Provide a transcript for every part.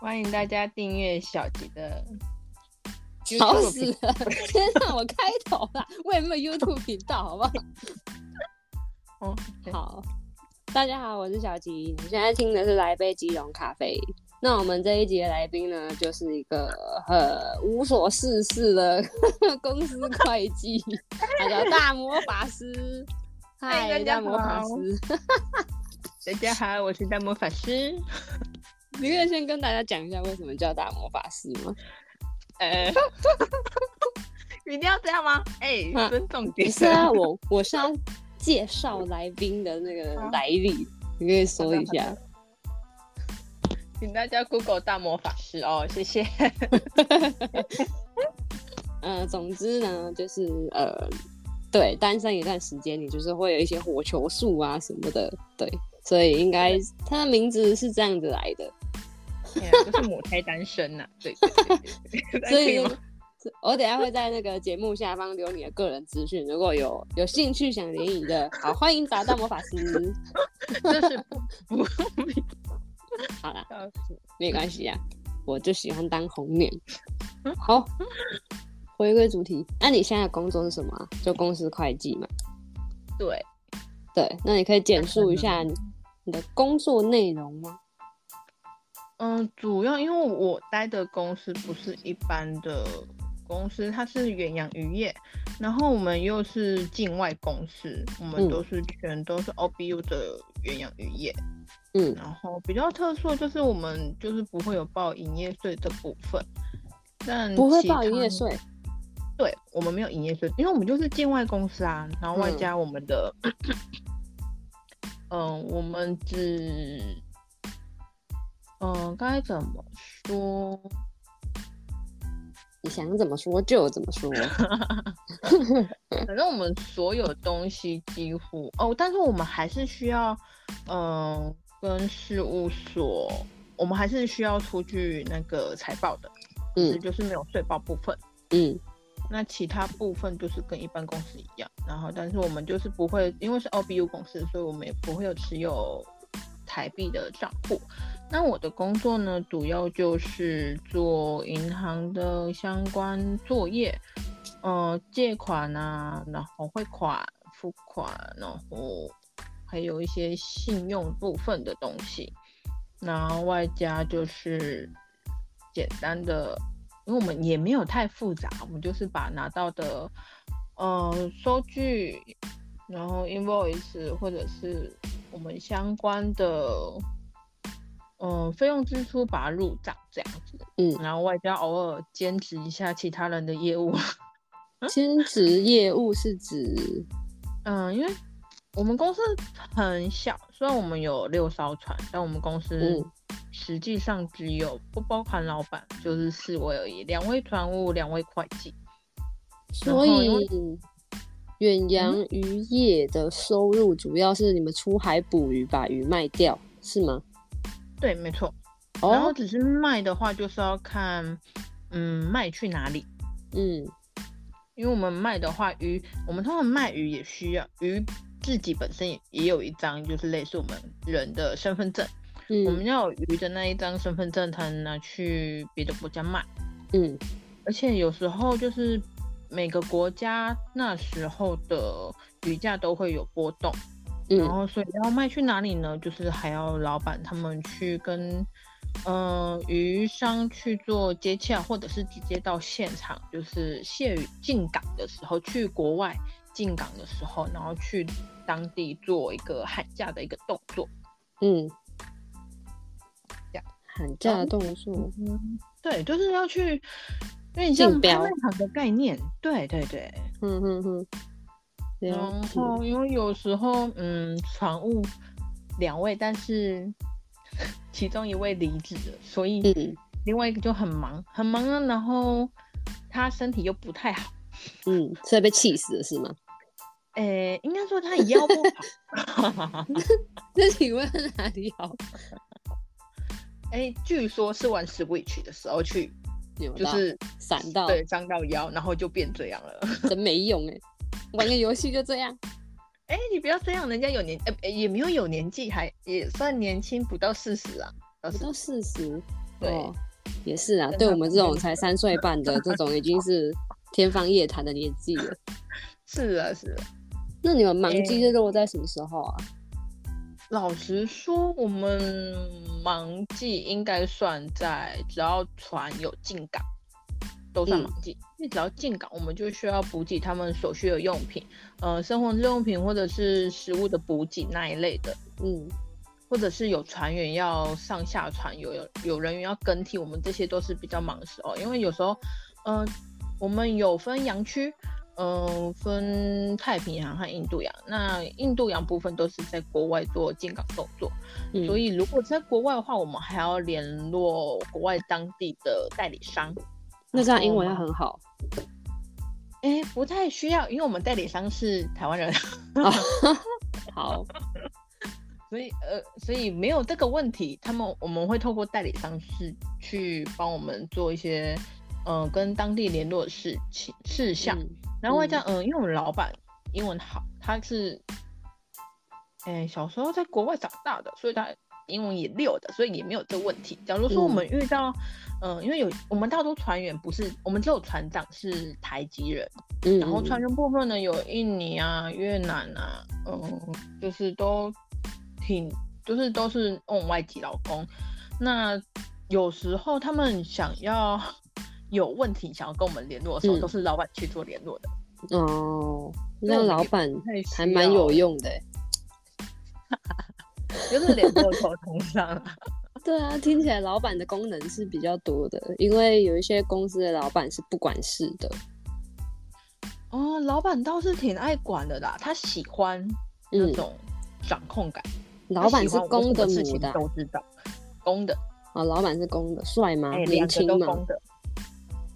歡迎大家訂閱小吉的。吵死了，先讓我開頭吧。我也沒有 YouTube 頻道？好不好？ oh, okay. 好。大家好，我是小吉。我現在聽的是《來杯吉隆咖啡》。那我們這一集的來賓呢，就是一個呃無所事事的公司會計， 他叫大魔法師。嗨， 大家好。 大家好，我是大魔法師。你可以先跟大家講一下為什麼叫大魔法師嗎？呃， 你一定要這樣嗎？哎、欸，尊、啊、重點。是啊，我我是要介紹來賓的那個來歷、啊，你可以說一下、啊。請大家 Google 大魔法師哦，謝謝。 呃，總之呢，就是呃，對，單身一段時間，你就是會有一些火球術啊什麼的，對，所以應該他的名字是這樣子來的。都、 啊就是母胎單身吶、啊，對，對，對，對，對， 所以我等一下會在那個節目下方留你的個人資訊，如果有有興趣想聯誼的，好，歡迎找到魔法師，這是不不，好了，沒關係啊，我就喜歡當紅娘好，回歸主題，那、啊、你現在的工作是什麼、啊？做公司會計嘛？對，對，那你可以簡述一下你的工作內容嗎？嗯，主要因為我待的公司不是一般的公司，它是遠洋漁業，然後我們又是境外公司，我們都是全都是 OBU 的遠洋漁業。嗯，然後比較特殊的就是我們就是不會有報營業稅的部分，但不會報營業稅，對，我們沒有營業稅，因為我們就是境外公司啊，然後外加我們的，嗯，呃，我們只。嗯、呃，該怎麼說？你想怎麼說就怎麼說。 反正我們所有東西幾乎哦，但是我們還是需要嗯、呃，跟事務所，我們還是需要出具那個財報的，嗯，就是沒有稅報部分，嗯，那其他部分就是跟一般公司一樣。然後，但是我們就是不會，因為是 OBU 公司，所以我們也不會有持有台幣的賬戶。那我的工作呢，主要就是做銀行的相關作業，呃，借款啊，然後匯款、付款，然後還有一些信用部分的東西，然後外加就是簡單的，因為我們也沒有太複雜，我們就是把拿到的，呃，收據，然後 invoice 或者是我們相關的。嗯、呃，費用支出把它入賬這樣子。嗯，然後外加偶爾兼職一下其他人的業務、啊。兼 職業務是指，嗯，因為我們公司很小，雖然我們有六艘船，但我們公司實際上只有、嗯、不包含老闆，就是四位而已，兩位船務，兩位會計。所以遠洋漁業的收入主要是你們出海捕魚，嗯、把魚賣掉，是嗎？對，沒錯。然後只是賣的話，就是要看、哦，嗯，賣去哪裡？嗯，因為我們賣的話，魚，我們通常賣魚也需要魚自己本身也也有一張，就是類似我們人的身份證、嗯。我們要魚的那一張身份證，才能拿去別的國家賣。嗯，而且有時候就是每個國家那時候的魚價都會有波動。嗯、然後，所以要賣去哪裡呢？就是還要老板他們去跟嗯、呃、魚商去做接洽，或者是直接到現場，就是卸魚進港的時候，去國外進港的時候，然後去當地做一個喊價的一個動作。嗯，這樣喊價動作， 對，就是要去，因為你像拍賣場的概念，對對對，嗯嗯。然後，因為有時候，嗯，船務兩位，但是其中一位離職了，所以另外一個就很忙，很忙了。然後他身體又不太好，嗯，所以被氣死了是嗎？誒、欸，應該說他腰不好。那請問哪裡好？哎，據說是玩 Switch 的時候去，就是閃到，對，傷到腰，然後就變這樣了。真沒用哎、欸。玩個遊戲就這樣，哎、欸，你不要這樣，人家有年，欸、也沒有有年紀，還也算年輕，啊，不到四十啊。不到四十，對，也是啊，對我們這種才三歲半的這種，已經是天方夜譚的年紀了 是，啊。是啊，是啊。那你們忙季是落在什麼時候啊？欸、老實說，我們忙季應該算在只要船有進港。都算忙季，嗯，因為只要進港，我們就需要補給他們所需的用品，呃，生活日用品或者是食物的補給那一類的，嗯，或者是有船員要上下船，有有有人員要更替，我們這些都是比較忙的時候，因為有時候，嗯、呃，我們有分洋區，嗯、呃，分太平洋和印度洋，那印度洋部分都是在國外做進港動作，嗯，所以如果在國外的話，我們還要聯絡國外當地的代理商。那這樣英文要很好，哎、欸，不太需要，因為我們代理商是台灣人，oh, 好，所以呃，所以沒有這個問題。他們我們會透過代理商是去幫我們做一些，嗯、呃，跟當地聯絡的事情事項、嗯。然後會這樣，嗯、呃，因為我們老闆英文好，他是，哎、欸，小時候在國外長大的，所以他。英文也溜的，所以也沒有這問題。假如說我們遇到，嗯，呃、因為有我們大多船員不是，我們只有船長是台籍人、嗯，然後船員部分呢有印尼啊、越南啊，嗯，就是都挺，就是都是用外籍勞工。那有時候他們想要有問題，想要跟我們聯絡的時候，嗯、都是老板去做聯絡的。哦，那老板還蠻有用的、欸。 就是臉頭同上， 對啊，聽起來老板的功能是比較多的，因為有一些公司的老板是不管事的。哦，老板倒是挺愛管的啦，他喜歡那種掌控感。老板是公的，大家都知道。公的，的，的啊，哦、老板是公的，帥嗎？欸、年輕嗎？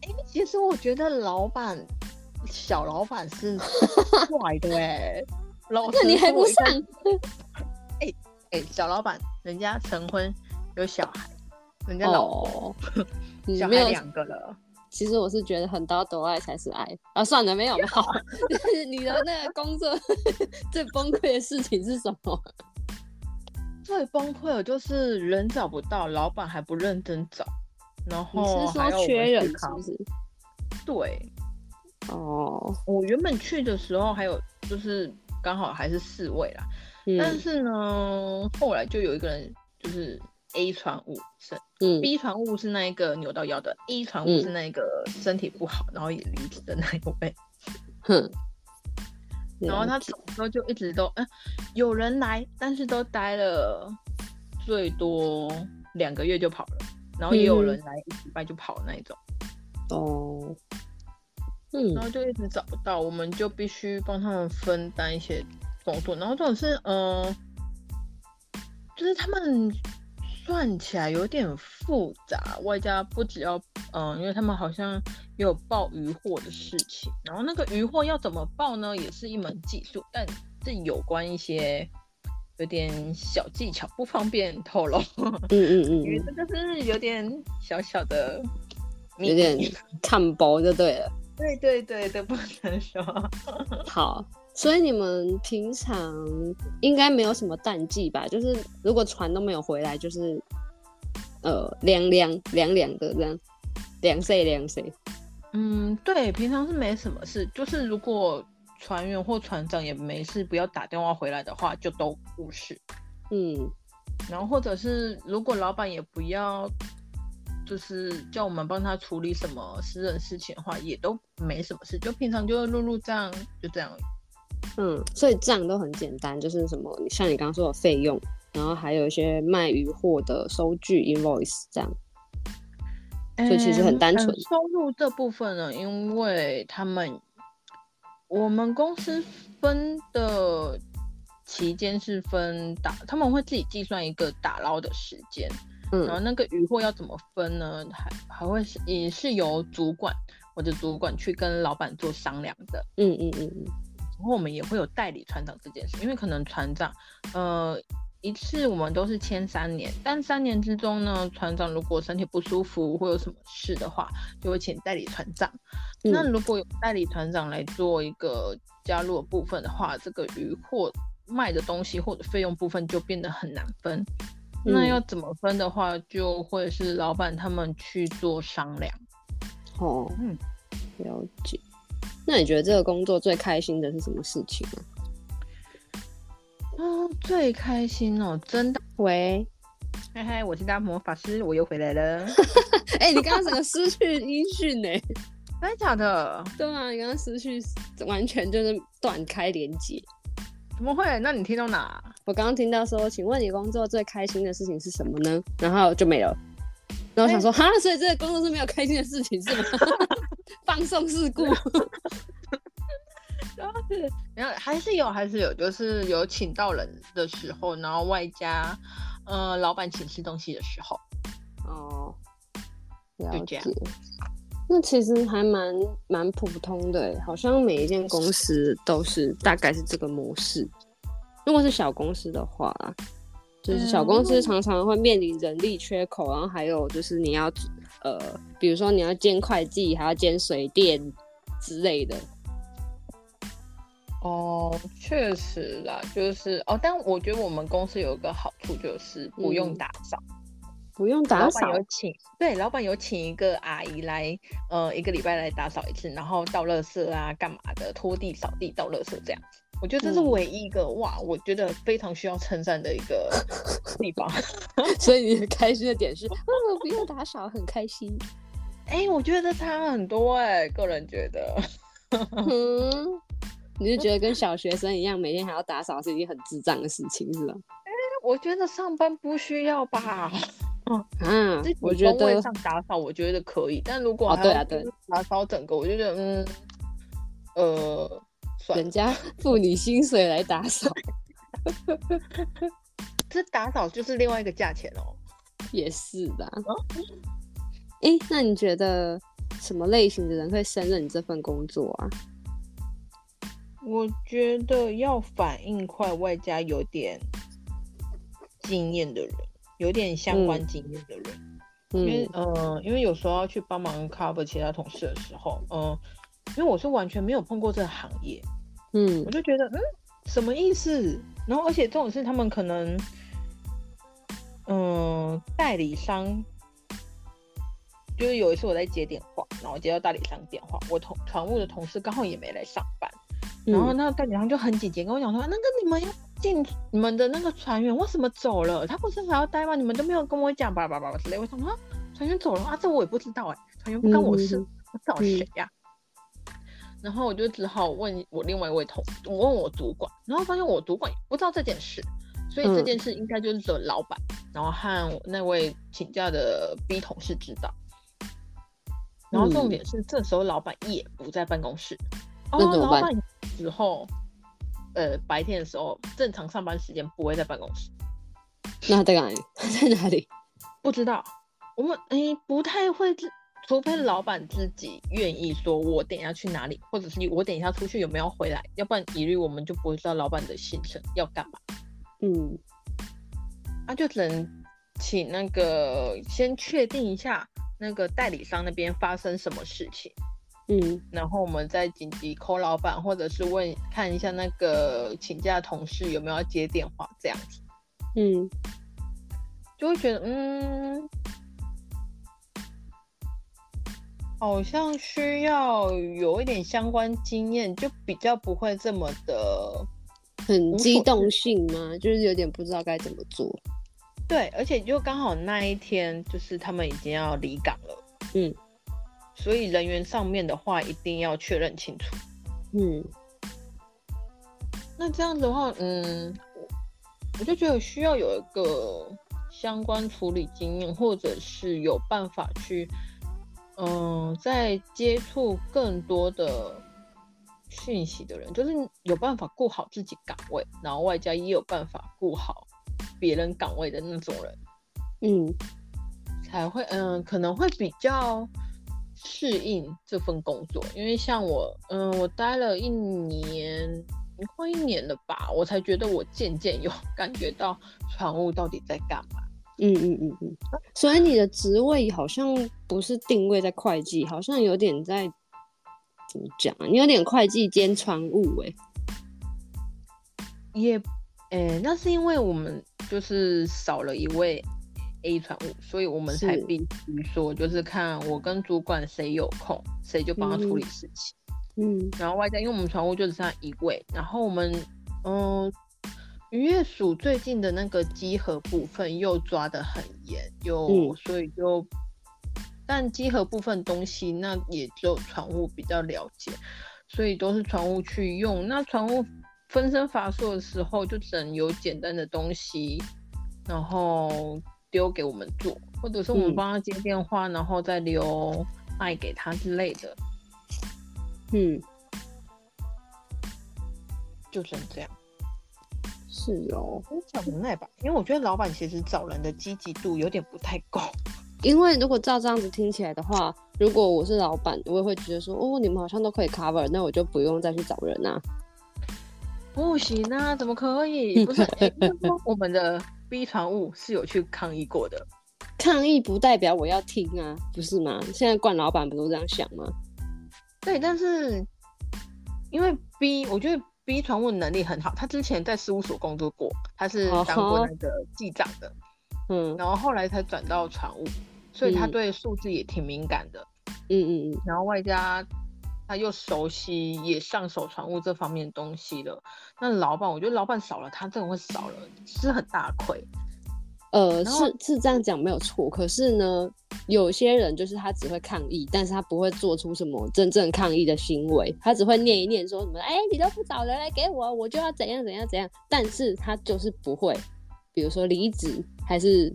哎、欸，其實我覺得老板，小老板是帥的哎、欸， 老那你還不上？欸、小老闆，人家成婚有小孩，人家老、oh, 小孩兩個了。其實我是覺得很多都愛才是愛啊，算了，沒有吧。 你的那個工作 最崩潰的事情是什麼？最崩潰的就是人找不到，老闆還不認真找。然後你是說是是還有缺人，是？對，哦、oh，我原本去的時候還有，就是剛好還是四位啦。但是呢、嗯，後來就有一個人，就是 A 船務是、嗯、，B 船務是那一個扭到腰的、嗯、，A 船務是那一個身體不好、嗯、然後也離職的那一位。哼。然後他走的時候就一直都、嗯啊，有人來，但是都待了最多兩個月就跑了，然後也有人來、嗯、一禮拜就跑那一種。哦。嗯。然後就一直找不到，我們就必須幫他們分擔一些。工作，然後這種是，嗯、呃，就是他們算起來有點複雜，外加不只要，嗯、呃，因為他們好像也有報漁獲的事情，然後那個漁獲要怎麼報呢，也是一門技術，但這有關一些有點小技巧，不方便透露。嗯嗯嗯，因這個是有點小小的，有點探包就對了。對對對，都不能說。好。所以你們平常應該沒有什麼淡季吧？就是如果船都沒有回來，就是呃，涼涼涼涼的這樣，涼勢涼勢。嗯，對，平常是沒什麼事，就是如果船員或船長也沒事，不要打電話回來的話，就都不是。嗯，然後或者是如果老板也不要，就是叫我們幫他處理什麼私人事情的話，也都沒什麼事，就平常就錄錄帳這樣，就這樣。嗯，所以這樣都很簡單，就是什麼像你剛剛說的費用，然後還有一些賣魚貨的收據 （invoice） 這樣，所以其實很單純。欸、收入這部分呢，因為他們我們公司分的期間是分打，他們會自己計算一個打撈的時間，嗯，然後那個魚貨要怎麼分呢？還還會是也是由主管或者主管去跟老闆做商量的。嗯嗯嗯嗯。嗯然後我們也會有代理船長這件事，因為可能船長呃一次我們都是簽三年，但三年之中呢，船長如果身體不舒服或有什麼事的話，就會請代理船長。嗯。那如果有代理船長來做一個加入的部分的話，這個魚貨賣的東西或者費用部分就變得很難分。嗯。那要怎麼分的話，就會是老板他們去做商量。哦，嗯，了解。那你覺得這個工作最開心的是什麼事情啊？啊、哦，最開心哦、喔！真的？喂，嗨嗨，我是大魔法師，我又回來了。哎、 欸，你剛剛怎麼失去音訊呢、欸？真的假的？對啊，你剛剛失去，完全就是斷開連接。怎麼會？那你聽到哪？我剛剛聽到說，請問你工作最開心的事情是什麼呢？然後就沒有。然後我想說，哈，所以這個工作是沒有開心的事情是嗎？ 放送事故， 然後是，然後還是有，還是有，就是有請到人的時候，然後外加，呃，老闆請吃東西的時候。哦，了解。就這樣。那其實還蠻蠻普通的，好像每一間公司都是大概是這個模式，如果是小公司的話。就是小公司常常會面臨人力缺口、嗯，然後還有就是你要呃，比如說你要兼會計，還要兼水電之類的。哦，確實啦，就是哦，但我覺得我們公司有一個好處就是不用打掃，不、嗯、用打掃。有請對，老板有請一個阿姨來，呃，一個禮拜來打掃一次，然後倒垃圾啊，幹嘛的，拖地、掃地、倒垃圾這樣子。我覺得這是唯一一個、嗯、哇，我覺得非常需要稱讚的一個地方， 所以你開心的點是，嗯，不用打掃，很開心。哎、欸，我覺得差很多哎、欸，個人覺得，嗯，你就覺得跟小學生一樣，嗯、每天還要打掃，是一件很智障的事情，是吧？哎、欸，我覺得上班不需要吧，嗯啊，我覺得打掃我覺得可以，但如果還要打掃整個，哦啊、我就覺得嗯，呃。人家付你薪水來打掃 這打掃就是另外一個價錢哦。也是吧？哎、哦欸，那你覺得什麼類型的人會勝任你這份工作啊？我覺得要反應快，外加有點經驗的人，有點相關經驗的人。嗯嗯、因為，嗯、呃，因為有時候要去幫忙 cover 其他同事的時候，嗯、呃，因為我是完全沒有碰過這個行業。嗯， 我就覺得，嗯，什麼意思？然後，而且這種事，他們可能，嗯、呃，代理商，就是有一次我在接電話，然後接到代理商電話，我同船務的同事剛好也沒來上班，然後那個代理商就很緊急跟我講說、嗯，那個你們要進你們的那個船員為什麼走了？他不是還要待嗎？你們都沒有跟我講吧吧吧吧之類，為什麼船員走了？啊，這我也不知道哎、欸，船員不關我事、嗯，我找誰呀、啊？嗯然後我就只好問我另外一位同，我問我主管，然後發現我主管也不知道這件事，所以這件事應該就是老闆、嗯，然後和那位請假的 B 同事知道。然後重點是，嗯、這時候老闆也不在辦公室。那、哦、老闆之後呃，白天的時候，正常上班時間不會在辦公室。那他在哪裡？他在哪裡？不知道，我們哎不太會。除非老闆自己願意說，我等一下去哪裡，或者是你我等一下出去有沒有回來，要不然一律我們就不會知道老闆的行程要幹嘛。嗯，那、啊、就只能請那個先確定一下那個代理商那邊發生什麼事情。嗯，然後我們再緊急 call 老闆，或者是問看一下那個請假的同事有沒有接電話這樣子。嗯，就會覺得嗯。好像需要有一點相關經驗，就比較不會這麼的很激動性嘛，嗯，就是有點不知道該怎麼做。對，而且就剛好那一天，就是他們已經要離港了，嗯，所以人員上面的話一定要確認清楚。嗯，那這樣的話，嗯，我就覺得需要有一個相關處理經驗，或者是有辦法去。嗯，在接觸更多的訊息的人，就是有辦法顧好自己崗位，然後外加也有辦法顧好別人崗位的那種人，嗯，才會嗯，可能會比較適應這份工作。因為像我，嗯，我待了一年，快一年了吧，我才覺得我漸漸有感覺到船務到底在幹嘛。嗯嗯嗯嗯，所以你的職位好像不是定位在會計，好像有點在怎麼講？你有點會計兼船務哎、欸，也哎、欸，那是因為我們就是少了一位 A 船務，所以我們才必須說是就是看我跟主管誰有空，誰就幫他處理事情。嗯，嗯然後外在，因為我們船務就只差一位，然後我們嗯。漁業署最近的那個稽核部分又抓得很嚴，就、嗯、所以就，但稽核部分東西那也只有船務比較了解，所以都是船務去用。那船務分身乏術的時候，就只能有簡單的東西，然後丟給我們做，或者是我們幫他接電話，嗯、然後再留賣給他之類的。嗯，就只能這樣。是哦，很無奈吧？因為我覺得老闆其實找人的積極度有點不太夠。因為如果照這樣子聽起來的話，如果我是老闆，我也會覺得說，哦，你們好像都可以 cover，那我就不用再去找人啊。不行啊，怎麼可以？不是、 欸、我們的 B 船務是有去抗議過的，抗議不代表我要聽啊，不是嗎？現在慣老闆不都這樣想嗎？啊？對，但是因為 B，我覺得。B 船務能力很好，他之前在事務所工作過，他是當過那個記賬的，嗯，然後後來才轉到船務，所以他對數字也挺敏感的，嗯嗯嗯，然後外加他又熟悉，也上手船務這方面的東西了。那老板，我覺得老板少了他，這個會少了，吃很大虧。呃，oh. 是是這樣講沒有錯，可是呢，有些人就是他只會抗議，但是他不會做出什麼真正抗議的行為，他只會念一念說什麼，哎、欸，你都不找人來給我，我就要怎樣怎樣怎樣，但是他就是不會，比如說離職，還是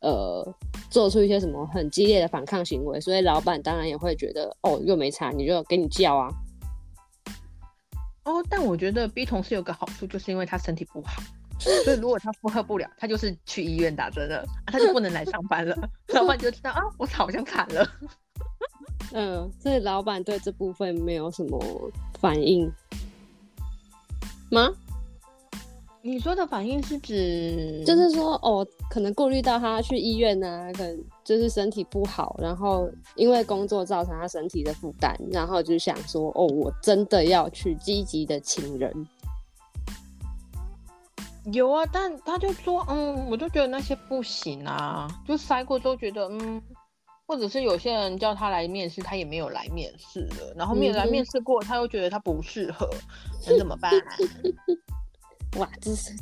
呃，做出一些什麼很激烈的反抗行為，所以老闆當然也會覺得，哦，又沒差，你就給你叫啊。哦、oh，但我覺得 B 同事有個好處，就是因為他身體不好。 所以如果他負荷不了，他就是去醫院打針了，他就不能來上班了。 老闆就知道啊，我好像慘了。嗯、 呃，所以老闆對這部分沒有什麼反應嗎？你說的反應是指，就是說哦，可能顧慮到他去醫院啊，可能就是身體不好，然後因為工作造成他身體的負擔，然後就想說哦，我真的要去積極的請人。有啊，但他就說，嗯，我就覺得那些不行啊，就篩過之後覺得，嗯，或者是有些人叫他來面試，他也沒有來面試的，然後面來面試過嗯嗯，他又覺得他不適合，那怎麼辦？ 哇，這是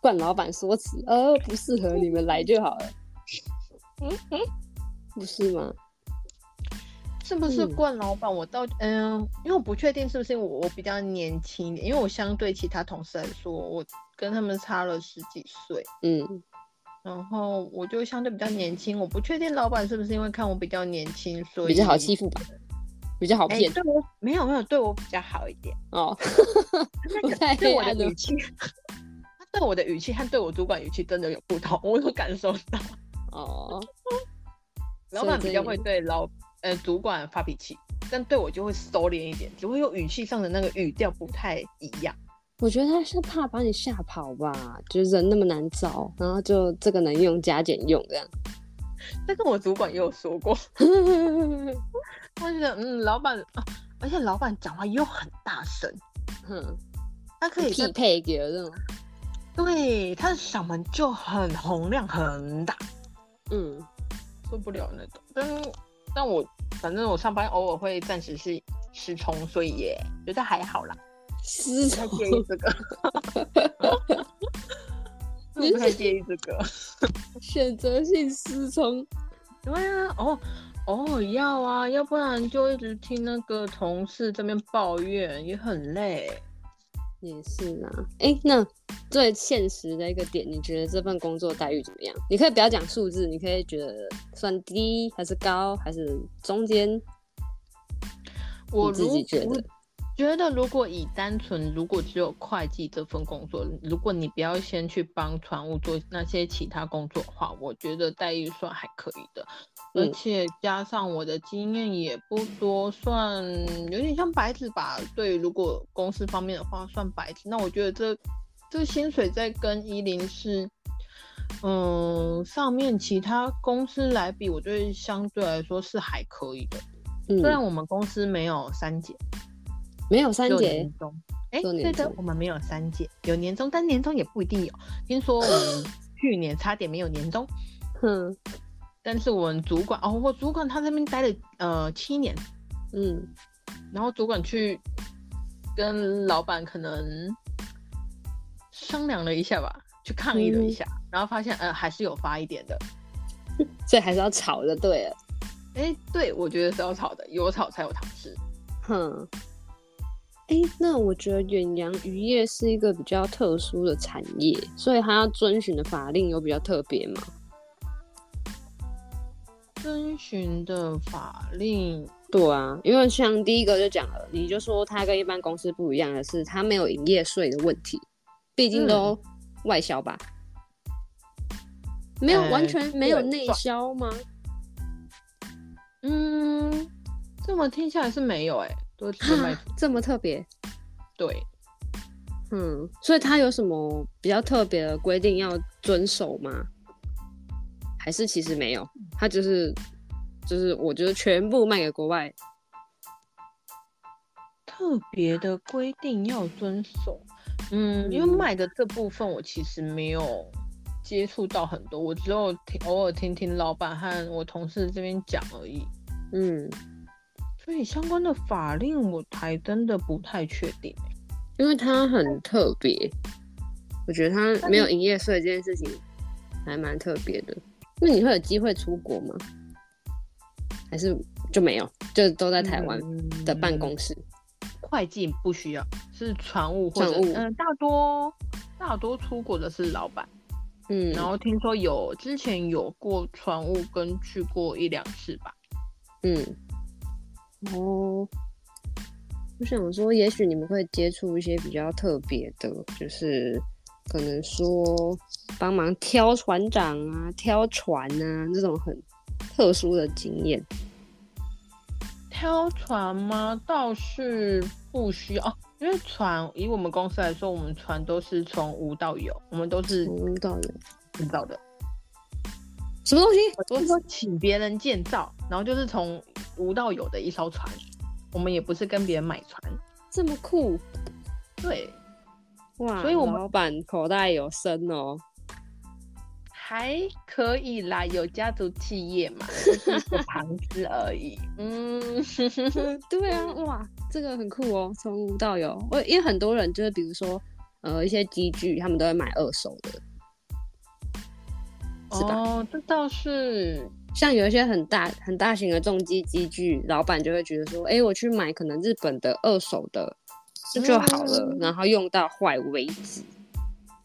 慣老板說辭，呃、哦，不適合你們 來就好了，嗯嗯，不是嗎？是不是慣老闆、嗯？我到嗯，因為我不確定是不是我，我比較年輕，因為我相對其他同事來說，我跟他們差了十幾歲，嗯，然後我就相對比較年輕、嗯，我不確定老闆是不是因為看我比較年輕，所以比較好欺負吧，比較好騙、欸。對我沒有沒有對我比較好一點哦。對我的語氣，他 對我的語氣和對我主管語氣真的有不同，我有感受到哦。 老闆比較會對老呃，主管發脾氣，但對我就會收斂一點，只會用語氣上的那個語調不太一樣。我覺得他是怕把你嚇跑吧，就人那麼難找，然後就這個能用加減用這樣。他跟我主管也有說過， 他覺得嗯，老板、啊、而且老板講話又很大聲，哼、嗯，他可以匹配給那種，對，他的嗓門就很洪亮很大，嗯，受不了那種，但是但我反正我上班偶爾會暫時是失聰，所以也覺得還好啦。失聰這個，我不太介意這個。 我不太介意這個、 選擇性失聰，對啊，哦哦要啊，要不然就一直聽那個同事這邊抱怨，也很累。也是啦，哎、欸，那最現實的一個點，你覺得這份工作待遇怎麼樣？你可以不要講數字，你可以覺得算低還是高還是中間？我自己覺得。覺得如果以單純，如果只有會計這份工作，如果你不要先去幫船務做那些其他工作的話，我覺得待遇算還可以的，嗯、而且加上我的經驗也不多，算有點像白紙吧。對，如果公司方面的話算白紙，那我覺得這這薪水在跟104上，嗯，上面其他公司來比，我覺得相對來說是還可以的。嗯、雖然我們公司沒有三節。沒有三節，哎，對的，我們沒有三節，有年終，但年終也不一定有。聽說我們去年差點沒有年終，哼。 但是我們主管哦，我主管他在這邊待了呃七年，嗯。然後主管去跟老闆可能商量了一下吧，去抗議了一下，嗯、然後發現呃還是有發一點的。這還是要吵的，對了誒。對，我覺得是要吵的，有吵才有糖吃，哼、嗯。哎、欸，那我覺得遠洋漁業是一個比較特殊的產業，所以它要遵循的法令有比較特別嗎？遵循的法令，對啊，因為像第一個就講了，你就說它跟一般公司不一樣的是，它沒有營業稅的問題，畢竟都、嗯、外銷吧、欸？沒有完全沒有內銷嗎？嗯，這麼聽下來是沒有哎、欸。都賣、啊，這麼特別，對，嗯，所以他有什麼比較特別的規定要遵守嗎？還是其實沒有，他就是就是我覺得全部賣給國外。特別的規定要遵守，嗯，因為賣的這部分我其實沒有接觸到很多，我只有聽偶爾聽聽老闆和我同事這邊講而已，嗯。所以相關的法令，我還真的不太確定，欸，因為它很特別。我覺得它沒有營業稅這件事情還蠻特別的。那你會有機會出國嗎？還是就沒有？就都在台灣的辦公室。嗯、會計不需要，是船務或者嗯、呃，大多大多出國的是老板。嗯，然後聽說有之前有過船務跟去過一兩次吧。嗯。哦，我想說，也許你們會接觸一些比較特別的，就是可能說幫忙挑船長啊、挑船啊，這種很特殊的經驗。挑船嗎？倒是不需要。啊，因為船，以我們公司來說，我們船都是從無到有，我們都是無到有，無到的。什麼東西？我，就是說，請別人建造，然後就是從無到有的一艘船。我們也不是跟別人買船，這麼酷，對，哇！所以我們老闆口袋有深哦，還可以啦，有家族企業嘛，就是個旁支而已。 嗯， 對啊，哇，這個很酷哦，從無到有。我因為很多人就是比如說，呃，一些機具，他們都會買二手的。哦，這倒是像有一些很大很大型的重機機具，老闆就會覺得說：“哎、欸，我去買可能日本的二手的，這就，就好了，哦，然後用到壞為止，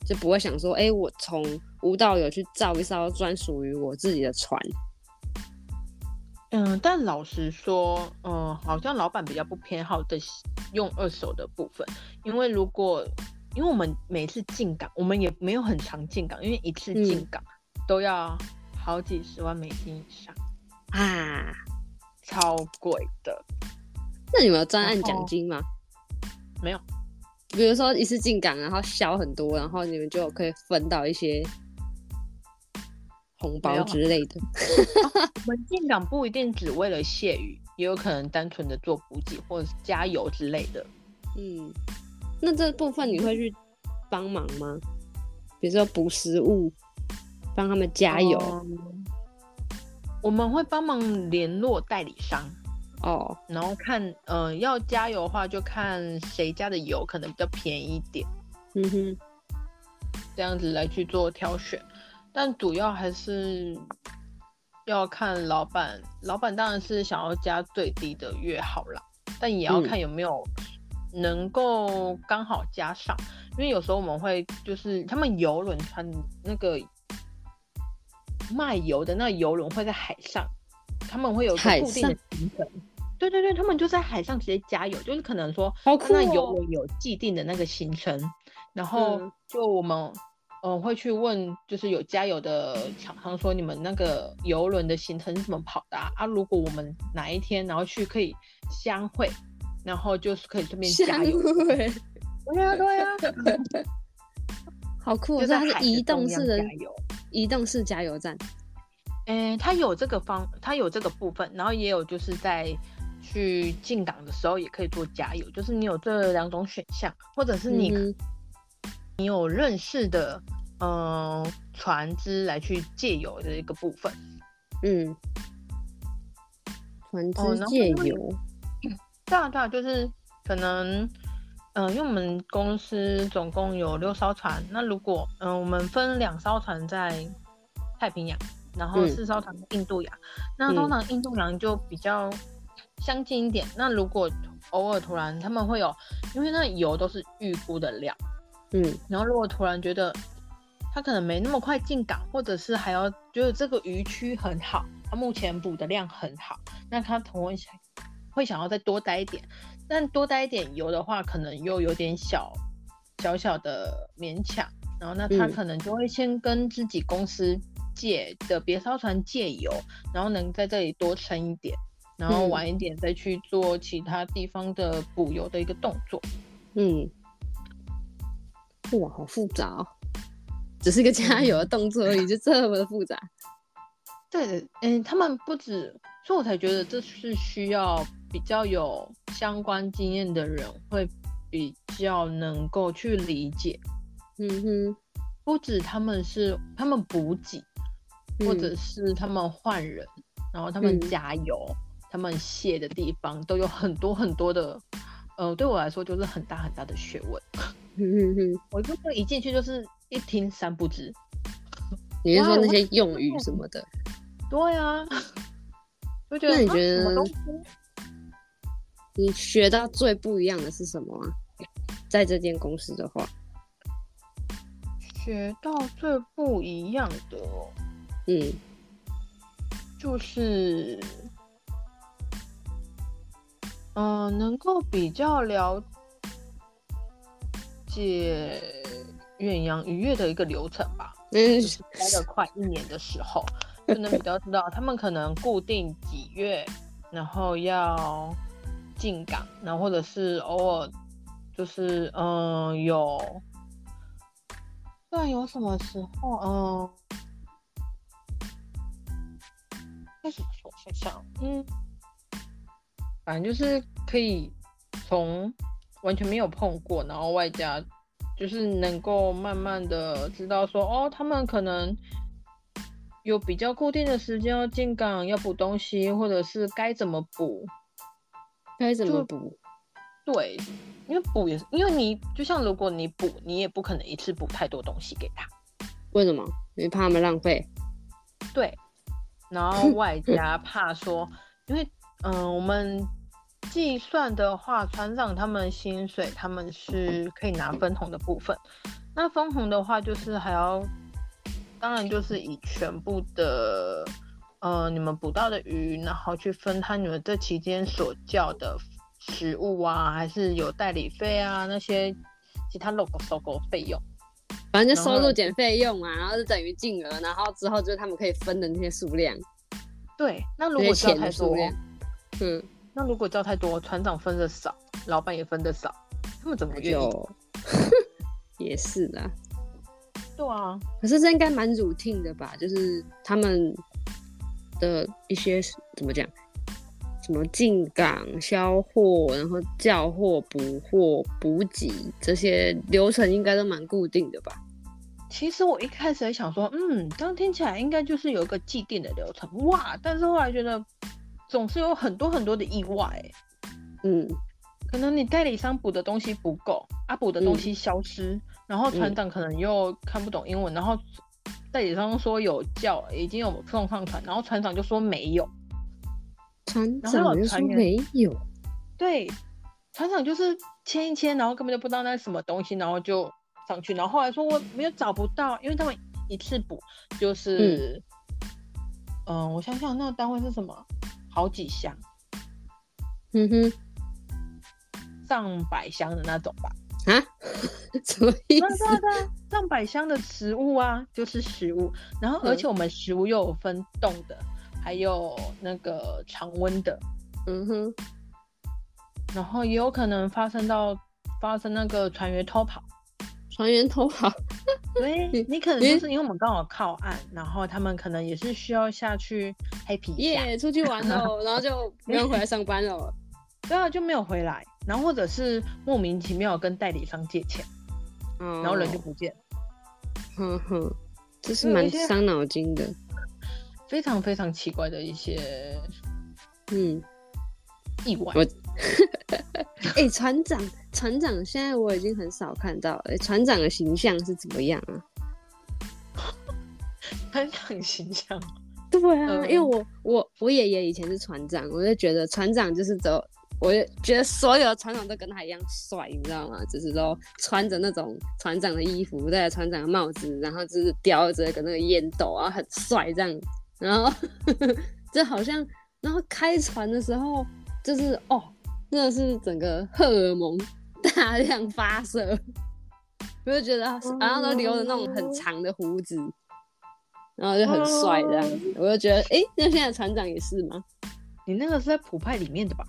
就不會想說：哎、欸，我從無到有去造一艘專屬於我自己的船。”嗯，但老實說，嗯，好像老闆比較不偏好這用二手的部分，因為如果因為我們每次進港，我們也沒有很常進港，因為一次進港。嗯都要好幾十萬美金以上啊，超貴的。那你們有專案獎金嗎？沒有。比如說一次進港，然後小很多，然後你們就可以分到一些紅包之類的。 哦、我們進港不一定只為了卸魚， 也有可能單純的做補給或者是加油之類的。嗯，那這部分你會去幫忙嗎？比如說補食物。幫他們加油，嗯、我們會幫忙聯絡代理商哦，然後看，呃，要加油的話，就看誰家的油可能比較便宜一點，嗯哼，這樣子來去做挑選，但主要還是要看老闆，老闆當然是想要加最低的越好啦，但也要看有沒有能夠剛好加上、嗯，因為有時候我們會就是他們油輪船那個。賣油的那個遊輪會在海上，他們會有一個固定的行程，對對對，他們就在海上直接加油，就是可能說，那遊輪有既定的那個行程，哦、然後就我們嗯、呃、會去問，就是有加油的廠商說你們那個遊輪的行程是怎麼跑的啊？啊如果我們哪一天然後去可以相會，然後就是可以順便加油，對呀對呀。 好酷！這、就是、是移動式的加油，移動式加油站。哎、欸，它有這個方，它有這個部分，然後也有就是在去進港的時候也可以做加油，就是你有這兩種選項，或者是你、嗯、你有認識的嗯、呃、船隻來去借油的一個部分。嗯，船隻借油，對啊對啊，就是可能。嗯、呃，因為我們公司總共有六艘船，那如果嗯、呃，我們分兩艘船在太平洋，然後四艘船在印度洋、嗯，那通常印度洋就比較相近一點，嗯、那如果偶爾突然他們會有，因為那油都是預估的量，嗯，然後如果突然覺得他可能沒那麼快進港，或者是還要覺得這個漁區很好，他目前捕的量很好，那他同我想會想要再多待一點。但多帶一點油的話，可能又有點小小小的勉強。然後那他可能就會先跟自己公司借的別艘船借油，然後能在這裡多撐一點，然後晚一點再去做其他地方的補油的一個動作嗯。嗯，哇，好複雜哦，只是一個加油的動作而已，就這麼的複雜。 對的，嗯、欸，他們不止，所以我才覺得這是需要。比較有相關經驗的人會比較能夠去理解，嗯哼，不止他們是他們補給、嗯，或者是他們換人，然後他們加油、嗯、他們卸的地方都有很多很多的，呃，對我來說就是很大很大的學問。嗯哼哼， 我就是一進去就是一聽三不知，你是說那些用語什麼的，對啊、那、就覺得你學到最不一樣的是什麼、啊？在這間公司的話，學到最不一樣的，嗯，就是，嗯、呃，能夠比較了解遠洋漁業的一個流程吧。嗯，待了快一年的時候，就能比較知道 他們可能固定幾月，然後要，進港，然後或者是偶爾，就是嗯，有，那有什麼時候嗯，開始說一下，嗯，反正就是可以從完全沒有碰過，然後外加就是能夠慢慢的知道說，哦，他們可能有比較固定的時間要進港，要補東西，或者是該怎麼補。該怎麼補？對，因為補也是因為你就像如果你補，你也不可能一次補太多東西給他。為什麼？因為怕他們浪費。對，然後外加怕說， 因為嗯、呃，我們計算的話，船長他們薪水，他們是可以拿分紅的部分。那分紅的話，就是還要，當然就是以全部的。呃，你們捕到的魚，然後去分他你們這期間所叫的食物啊，還是有代理費啊那些其他 logo l o 費用，反正就收入減費用啊，然後，然後就等於淨額，然後之後就是他們可以分的那些數量。對，那如果叫太多，嗯，那如果叫太多、嗯，船長分的少，老闆也分的少，他們怎麼就願意？也是啦，對啊，可是這應該蠻 routine 的吧，就是他們。的一些怎麼講？什麼進港、銷貨、然後叫貨、補貨、補給這些流程，應該都蠻固定的吧？其實我一開始還想說，嗯，剛聽起來應該就是有一個既定的流程哇，但是後來覺得總是有很多很多的意外。嗯，可能你代理商補的東西不夠，阿、啊、補的東西消失、嗯，然後船長可能又看不懂英文，嗯、然後。代理商說有叫已經有送上船，然後船長就說沒有，船長就說沒有，沒有，對，船長就是簽一簽，然後根本就不知道那是什麼東西，然後就上去，然後後來說我沒有找不到，因為他們一次補就是，嗯，呃、我想想那個單位是什麼，好幾箱，嗯哼，上百箱的那種吧。啊？什麼意思？大大上百箱的食物啊，就是食物。然後，而且我們食物又有分凍的、嗯，還有那個常溫的。嗯哼。然後也有可能發生到發生那個船員偷跑，船員偷跑。對，你，你可能就是因為我們剛好靠岸，然後他們可能也是需要下去 happy、yeah, 出去玩哦， 然後就不用回來上班了。 對啊，就沒有回來，然後或者是莫名其妙跟代理商借錢，嗯、oh.，然後人就不見了，哼哼，這是蠻傷腦筋的，非常非常奇怪的一些，嗯，意外。哎，船長，船長，現在我已經很少看到，哎、欸，船長的形象是怎麼樣啊？ 船長形象？對啊，嗯、因為我我我爺爺以前是船長，我就覺得船長就是走。我也覺得所有的船長都跟他一樣帥，你知道嗎？就是說穿着那種船長的衣服，戴着船長的帽子，然後就是叼着一個那個煙斗啊，很帥這樣。然後 就好像，然後開船的時候，就是哦，真的是整個荷爾蒙大量發射。我就覺得，然後都留着那種很長的鬍子，然後就很帥這樣。我就覺得，誒、欸，那現在船長也是嗎？你那個是在普派裡面的吧？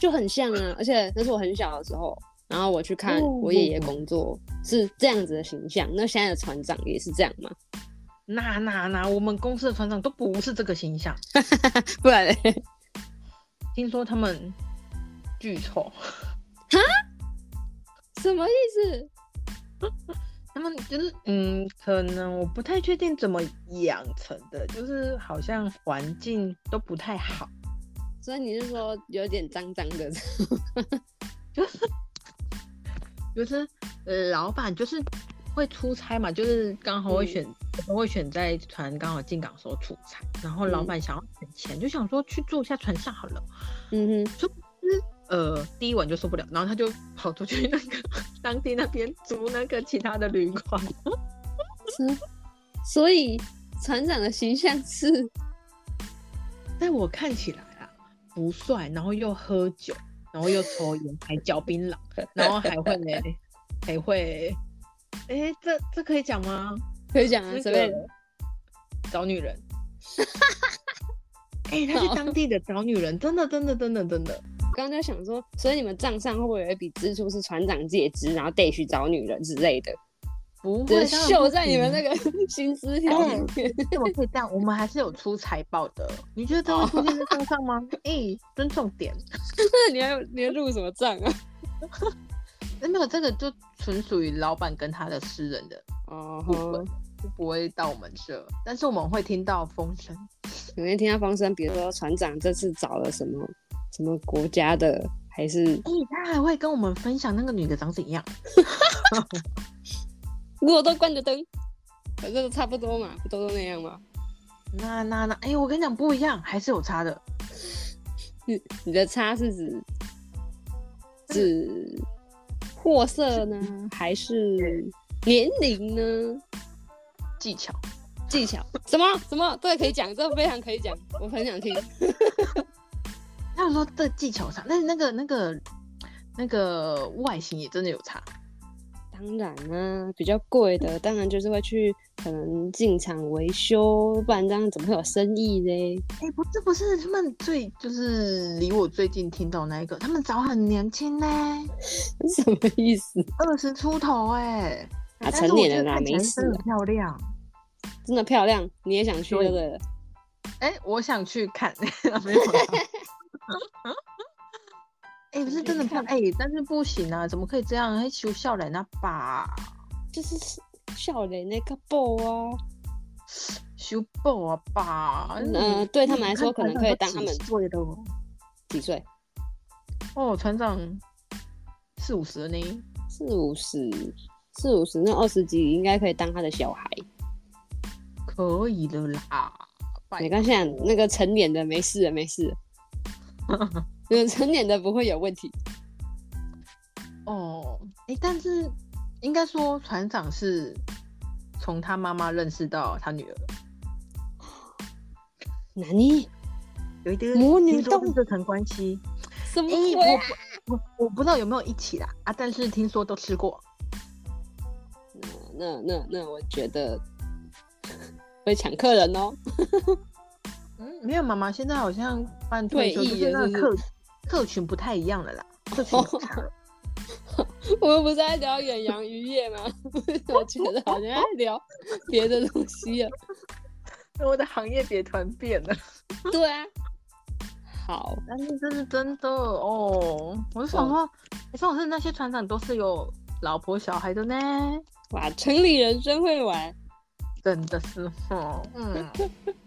就很像啊，而且那是我很小的時候，然後我去看我爺爺工作、嗯嗯、是這樣子的形象。那現在的船長也是這樣嗎？那那那，我們公司的船長都不是這個形象， 不然呢？聽說他們巨醜哈？什麼意思？他們就是嗯，可能我不太確定怎麼養成的，就是好像環境都不太好。所以你是說有點髒髒的， 就是就是呃，老闆就是會出差嘛，就是剛好會選、嗯、會選在船剛好進港的時候出差，然後老闆想要省錢、嗯，就想說去坐一下船上好了，嗯嗯，就是呃，第一晚就受不了，然後他就跑出去那個當地那邊租那個其他的旅館，嗯， 所以船長的形象是，在我看起來。不帥，然後又喝酒，然後又抽煙，還嚼檳榔， 然後還會呢，還會，哎，這這可以講嗎？可以講啊，之類的，找女人。哎， 他去當地的找女人，真的，真的，真的，真的。剛剛在想說，所以你們賬上會不會有一筆支出是船長借支，然後得去找女人之類的？不會秀在你們那個薪資上面，我、 欸、怎麼可以這樣？我們還是有出財報的。你覺得他會出現在賬上嗎？哎、oh. 欸，尊重點。 你還你還入什麼賬啊？欸、沒有，這個就純屬於老闆跟他的私人的哦，不會，不會到我們這。但是我們會聽到風聲，有沒有聽到風聲，比如說船長這次找了什麼什麼國家的，還是、欸、他還會跟我們分享那個女的長怎樣？ 我都關着燈，反正差不多嘛，不都都那樣嘛。那那那，哎、欸，我跟你講不一樣，還是有差的。你你的差是指指貨色呢，還是年齡呢？技巧，技巧，什麼什麼？對、這個，可以講，這個、非常可以講，我很想聽。他們 說這技巧差，那那個那個那個外形也真的有差。當然啊，比較貴的，當然就是會去可能進廠維修，不然這樣怎麼會有生意呢？哎、欸，不是不是，他們最就是離我最近聽到那一個，他們早很年輕嘞。你什麼意思？二十出頭。哎、欸，啊，啊成年了啦，沒事，漂亮，真的漂亮，你也想去那個？哎、欸，我想去看。啊沒哎、欸，不是真的胖，哎、欸，但是不行啊！怎麼可以這樣？還修笑臉那把，就是笑臉那個抱啊，修抱啊吧？呃、嗯嗯，對他們來說可能可以當他們幾歲的哦？幾歲？哦，船長四五十呢？四五十，四五十那二十幾應該可以當他的小孩，可以的啦。你看現在那個成年的沒事，沒事。沒事 嗯，成年的不會有問題。哦，誒、欸，但是應該說船長是從他媽媽認識到他女兒。那你有一點母女。聽說是這層關係，什麼鬼、欸？我我，我不知道有沒有一起啦啊！但是聽說都吃過。那那那我覺得會搶客人哦。 嗯、沒有媽媽，媽媽現在好像半退休了，就是。客群不太一樣了啦。Oh. 客群，oh. 我們不是在聊遠洋漁業嗎？ 我覺得好像在聊別的東西。 我的行業別團變了。 對、啊。好。但是這是真的哦。我是想說，哎、oh.，是那些船長都是有老婆小孩的呢。哇，城裡人真會玩。真的是哦。嗯。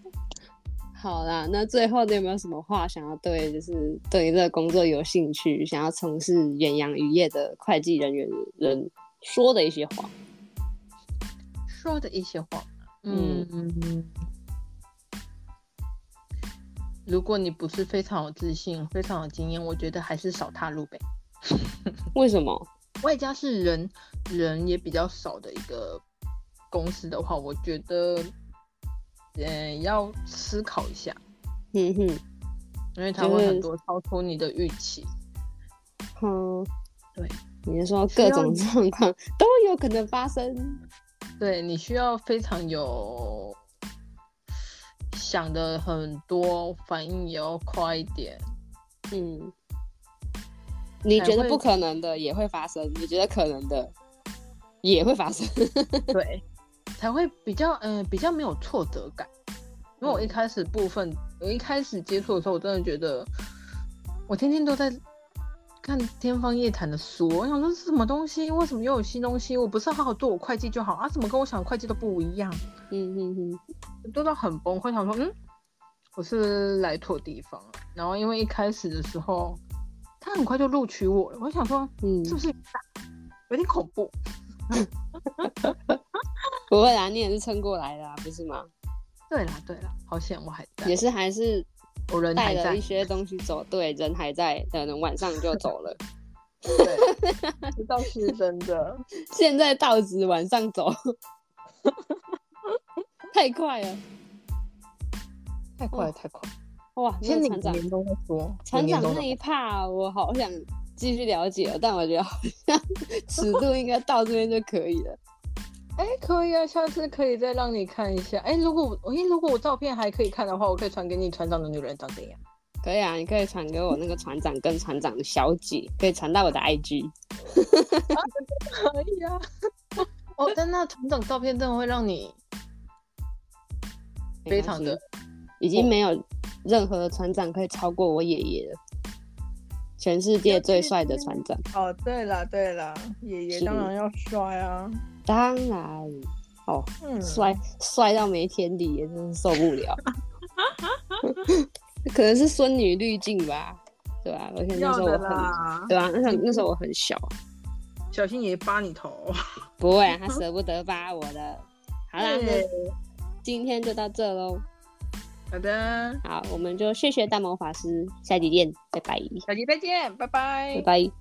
好啦，那最後你有沒有什麼話想要對，就是對這個工作有興趣、想要從事遠洋漁業的會計人員人說的一些話？說的一些話。嗯、嗯，如果你不是非常有自信、非常有經驗，我覺得還是少踏入唄。為什麼？外加是人人也比較少的一個公司的話，我覺得。嗯，要思考一下，嗯哼，因為他會很多超出你的預期、就是。好，對，你說各種狀況都有可能發生。對，你需要非常有想得很多，反應也要快一點。嗯，你覺得不可能的也會發生，你覺得可能的也會發生。對。 才會比較嗯、呃、比較沒有挫折感，因為我一開始部分我、嗯、一開始接觸的時候，我真的覺得我天天都在看天方夜譚的書，我想說是什麼東西？為什麼又有新東西？我不是好好做我會計就好啊？怎麼跟我想的會計都不一樣？嗯嗯嗯，做、嗯、到、嗯、很崩潰，我想說嗯，我是來錯地方了。然後因為一開始的時候他很快就錄取我了，我想說嗯，是不是有點恐怖？ 不會啦，啊，你也是撐過來的，啊，不是嗎？對啦，對啦，好險，我還在也是還是我人帶了一些東西走，對，人還在，等晚上就走了。 對到倒是真的， 現在到子晚上走， 太快了，太快了，了，嗯，太快了！哇，先領年終再說，船長那一趴我好想繼續了解了，但我覺得好像 尺度應該到這邊就可以了。哎 、欸，可以啊，下次可以再讓你看一下。哎、欸，如果我哎，如果我照片還可以看的話，我可以傳給你。船長的女人長怎樣？可以啊，你可以傳給我那個船長跟船長的小姐， 可以傳到我的 IG。可 以啊。我、哎 哦、但那船長照片真的會讓你非常的，已經沒有任何的船長可以超過我爺爺了。全世界最帥的船長哦，對了對了，爺爺當然要帥啊，當然哦，帥、嗯、帥到沒天理，也真是受不了。 可能是孫女濾鏡吧，對吧、啊？而且那時候我很，對吧、啊？那時候我很小， 小心爺扒你頭。 不會、啊，他捨不得扒我的。 好啦，對，今天就到這嘍。好的，好，我們就謝謝大魔法師，下集見，拜拜。下集再見，拜拜。拜拜。